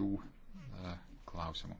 šių e, klausimų.